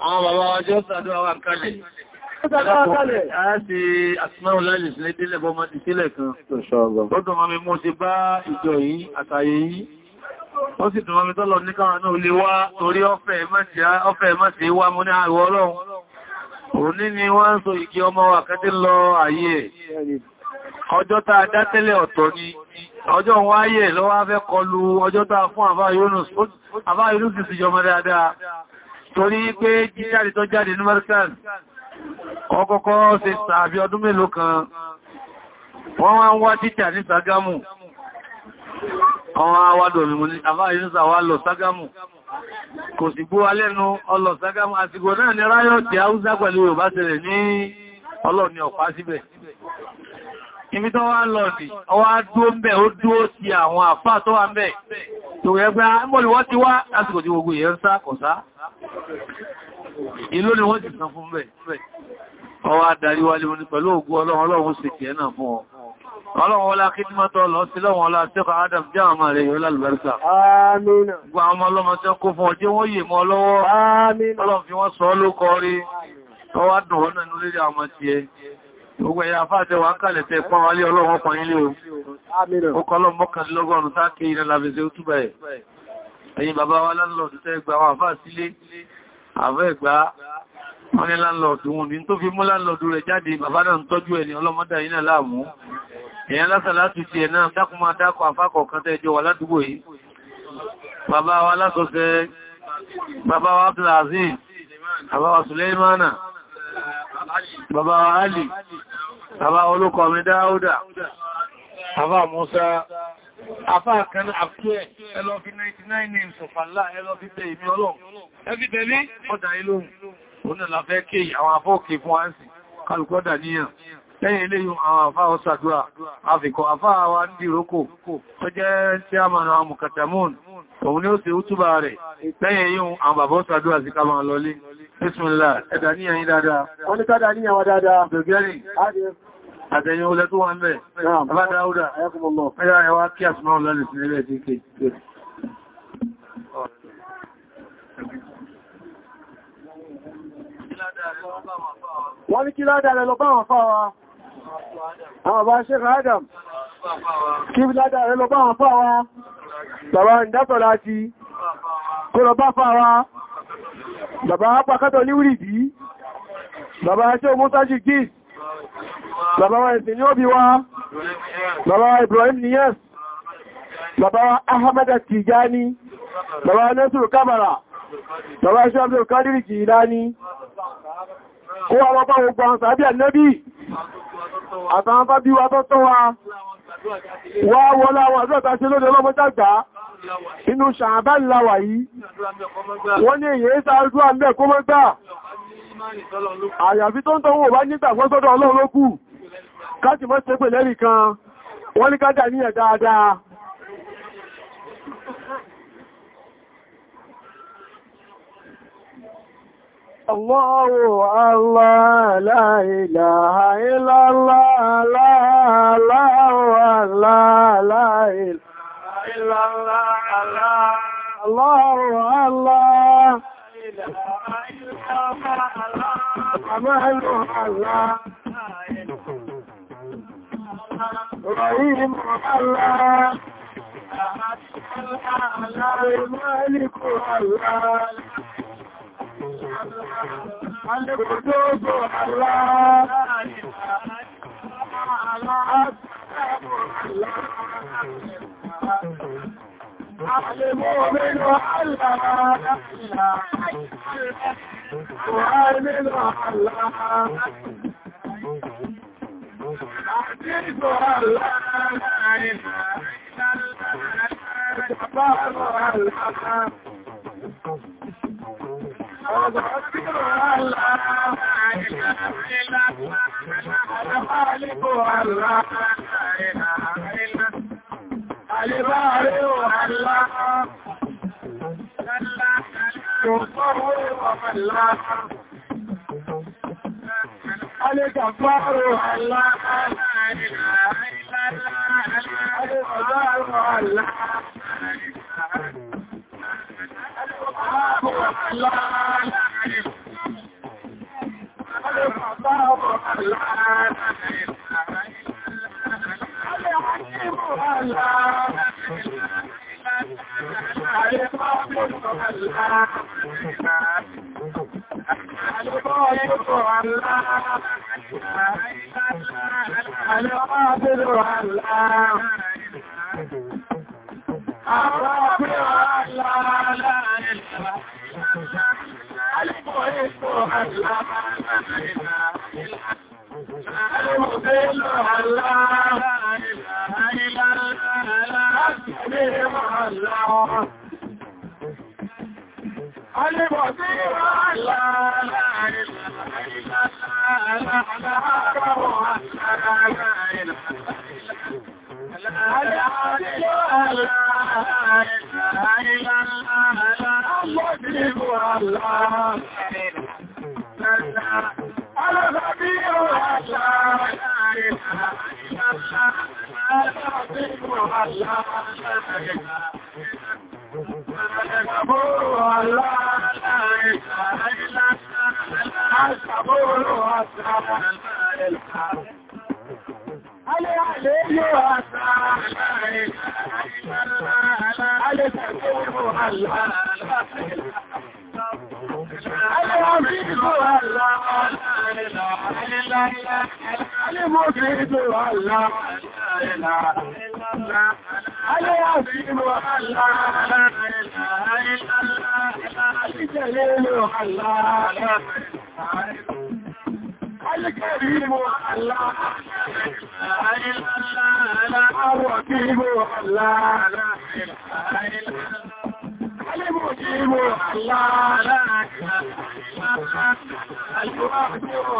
Àwọn bàbá wa jọ sàdúwà wà kalẹ̀. A ti àtìmáwò láìlè sílẹ̀ délẹ̀ bọ́ máa ti sílẹ̀ kan. Ó dùn mami mú ti bá ìjọ yìí, àtàyè yìí. Ó sì dùn mami tọ́lọ ní káwọn náà lè wá torí ọfẹ́ má ti wá mú ní àìwọ̀ ọlọ́run. Òní ni wọ́n ń so ìgì ọmọ wa kẹ́tí lọ ayé ẹ̀. Ọjọ́ tá a dá tẹ́lẹ̀ ọ̀tọ̀ ni, ọjọ́ wọn ayé lọ́wọ́ torí pé jíjáde tó jáde ní markaz ọkọ̀kọ́ ṣe sàbí ọdún mélòó kan wọ́n wá ń wá títà ní Ṣàgámù àwọn awádọ̀ mímú ní àfáàrínsà wá lọ Ṣàgámù kò sì gbó alẹ́nu ọlọ̀ Ṣàgámù àsìkò náà ni ráyọ̀tì haúsá pẹ̀lú Yorùbá ṣẹlẹ̀ ní ọlọ́ni ọ̀pá síbẹ̀ ibi tó wá lọ sí ọwá dúó ń bẹ̀ ó ìlú ni wọ́n ti san fún bẹ́ẹ̀ ọwọ́ adarí wálé wọn ni pẹ̀lú ògùn ọlọ́run ọlọ́run sì kìí ẹ̀nà fún ọ ọlọ́run ọlá kí tímọ́tọ́ lọ sí lọ́wọ́n ọlá tí ó kàá dàm jẹ́ àmà rẹ̀ yóò lálùbáríkà gbà ọmọ ọlọ́mọ tí ó kó fún ọjọ́ wọ́n yè mọ́ lọ́wọ́ ọlọ́run fi wọ́n sọ ló kọ rí tọ́wà dùn ọ́nà inú lérí àmọ́ ti ẹ gbogbo ẹ̀yà afáàtẹ wà ń kàlẹ̀ tẹ pọ́n wálé ọlọ́run ọkùnrin lé o ó kọ́ lọ́mọ́kànlélọ́gọ́rùn-ún sáà kí ó túbẹ̀ ẹ̀yin bàbá wa láńlọ́ọ̀dù tẹ́ gba àwọn àfáà sílé àfẹ́ ẹ̀gbá wọ́n ní láńlọ́ọ̀dù wọn ní tó fi mú láńlọ́ọ̀dù rẹ̀ jáde bàbá náà ń tọ́jú ẹni ọlọ́mọdà yìí náà láàmú èèyàn lásà láti ti ẹ̀ náà dákun máa dákọ̀ àfákọ̀ kan tẹ́jọ wà ládùúgbò yìí bàbá wa Suleimana bàbá Ali bàbá olókọ̀ mi Dáúdà bàbá Musa àfáà kan àfú ẹ̀ ẹlọ fi 99 names of Allah ẹlọ fi tẹ ìmí ọlọ́run ẹbí tẹ̀lé ọdá ilóhun òun náà láfẹ́ kí àwọn afọ́ọ̀kì fún ánsì kálùkọ́dà níyàn lẹ́yìn eléyìn àwọn àfáà ọ̀sàdúrà àfikọ̀ àfáà wa ń di rókò tó jẹ́ tí a mọ̀nà àwọn mùkàtàmùn òun ni ó ṣe útúbà rẹ̀ lẹ́yìn yíò àwọn bàbá ọ̀sàdúrà sí ká máa lọlé Bismillah ẹ̀dà níyàn yí dáadáa wọ́n ní ká dáa dáadáa bẹ̀gẹ́rin àtẹ̀yìn olẹ́ tó wà ń bẹ̀. Bàbá Dáúdà, ẹ̀yà ẹwà kí àsùnmọ́ ọlọ́lẹ̀ sí ilẹ̀ tí kèèkèé. Wọ́n ní kí ládàá lọ bá wọn fáwa. Àwọn bá ṣe rẹ̀ Adam. Kí ládàá rẹ̀ lọ bá wọn fáwa. Bàbá ìdápọ̀ láti kó lọ bá fáwa. Bàbá apakátọ̀ ní wùrìdí. Bàbá ṣe omúsájì gíìsì bàbá wa ìsìn yóò bí wá bàbá wa Ibrahim Niyas bàbá wa Ahmad Tijani bàbá wa Nasiru Kabara bàbá wa Abdul Qadir Jilani kó wa bàbá gbogbo àwọn sàábí ànẹ́bí àtàwọn bá bí wa tọ́tọ́ wa wá wọlá àwọn àdúrà tàṣe lóde ọlọ́mọ jàgbà inú ṣàbá ńlá wà yìí wọ́n ní èyí àyàfi tó ń tọ́wọ́ bá nígbàgbọ́ sọ́dọ̀ ọlọ́run ló káàkì mọ́ sí lẹ́rì kan wọ́n ní kájà níyàn dáadáa Allahu Allah la ilaha illallah Allahu Allah la ilaha illallah Allahu Allah رحيم الله المالك الله القدوس الله الله المؤمن على المؤمن على أحدث على أذكر الله إلا إلا أنا خالق الله àlébáre ọ̀hànlá. Alégàfáró àlá Alégàfáró àlá Alégàfáró àlá Alégàfáró àlá Àlọ́ máa bẹ̀rẹ̀ wà láàá. Àṣẹ́ ìgbò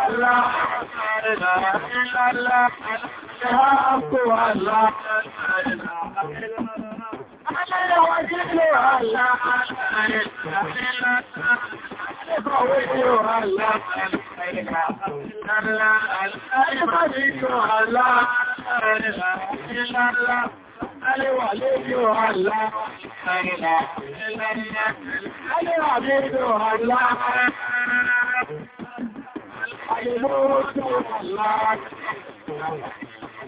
àlá, àrẹ́lá, Allah, àrẹ́lá ṣàkó àlá Alẹ́wàjílò àlá Ẹgbàwéjò àlá Ẹgbàwéjò àlá Alẹ́wàjílò àlá Alẹ́wàjílò àlá Alẹ́wàjílò àlá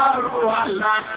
àrùn àlàáfẹ́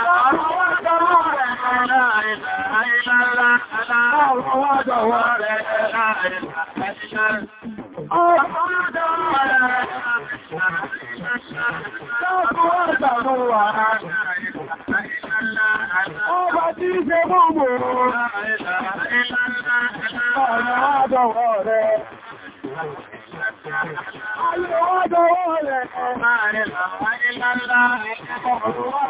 Ọba tí ń ṣe gbogbo ọ̀nà àjọwọ̀ rẹ̀. Àlọ́wọ́ àjọwọ̀ rẹ̀. Ọba rẹ̀ lọ́wọ́ ìlànà ẹ̀kọ́ ọ̀rọ̀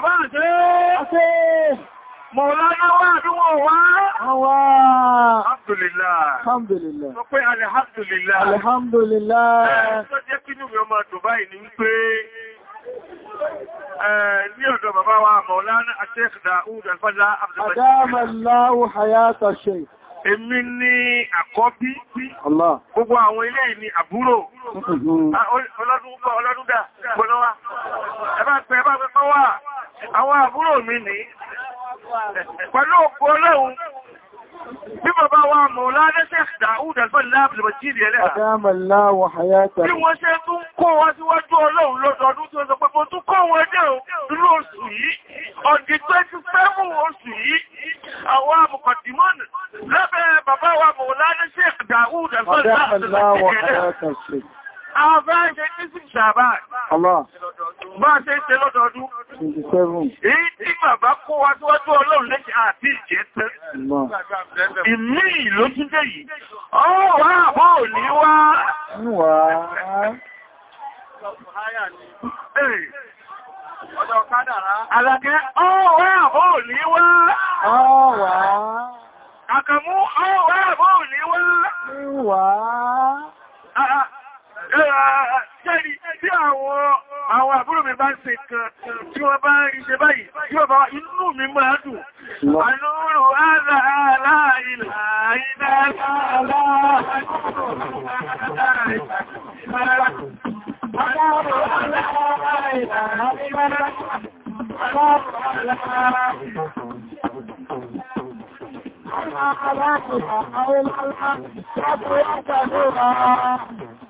bàbá àṣẹ àṣẹ Mọ̀láyá wà níwọ̀ wá. Àwà. Alhamdulillah. Alhamdulillah. Sọ pé Alhamdulillah. Alhamdulillah. Ẹ tó jẹ́ kínú mi ọmọ Dubai ní wípé ní ọ̀dọ̀ bàbá wa Mọ̀láyá Sheikh Daud Alfadla Abdulbashir. Adámàláwò Hayata Sheikh. Èmi ni àkọ́bí. Gbogbo àwọn ilé ni àbúrò. Mm-hmm. Ah, ọlọ́dún dà. Ẹbá pẹ̀ ẹbá pẹ̀ wà àwọn àbúrò mi ní pẹ̀lú òkú ọlọ́run bí bàbá wa mọ̀ láàrẹ́ Sheikh Daud al-Fallaf al-Majidi ẹlẹ́ bí wọ́n ṣe tún kó wá síwájú ọlọ́run lọ́dọọdún tí ó sọ pé mo tún kó wọn dé ìlú Àwọn bá ṣe ní sí ṣàbá. Bá ṣe ṣe lọ́dọọdún. Èyí tí bàbá kó wá síwájú ọlọ́run lẹ́ṣẹ̀ àti ìjẹ́ tẹ́. Ìmí ìlú tún jẹ́ yìí. Ó wà àbọ́ ò ní wá. Ọjọ́ kádàrá. Àlàkẹ́, ò ní wá. ní wá. Ṣẹ́rí tí àwọn àbúrò mi bá ń ṣe kan tí wọ́n bá rí ṣe báyìí, tí wọ́n bá inú mi máa dùn. Àlúrù ààrà aláìlà àìdá aláìlà Àwọn aláàkùnrin àwọn aláàkùnrin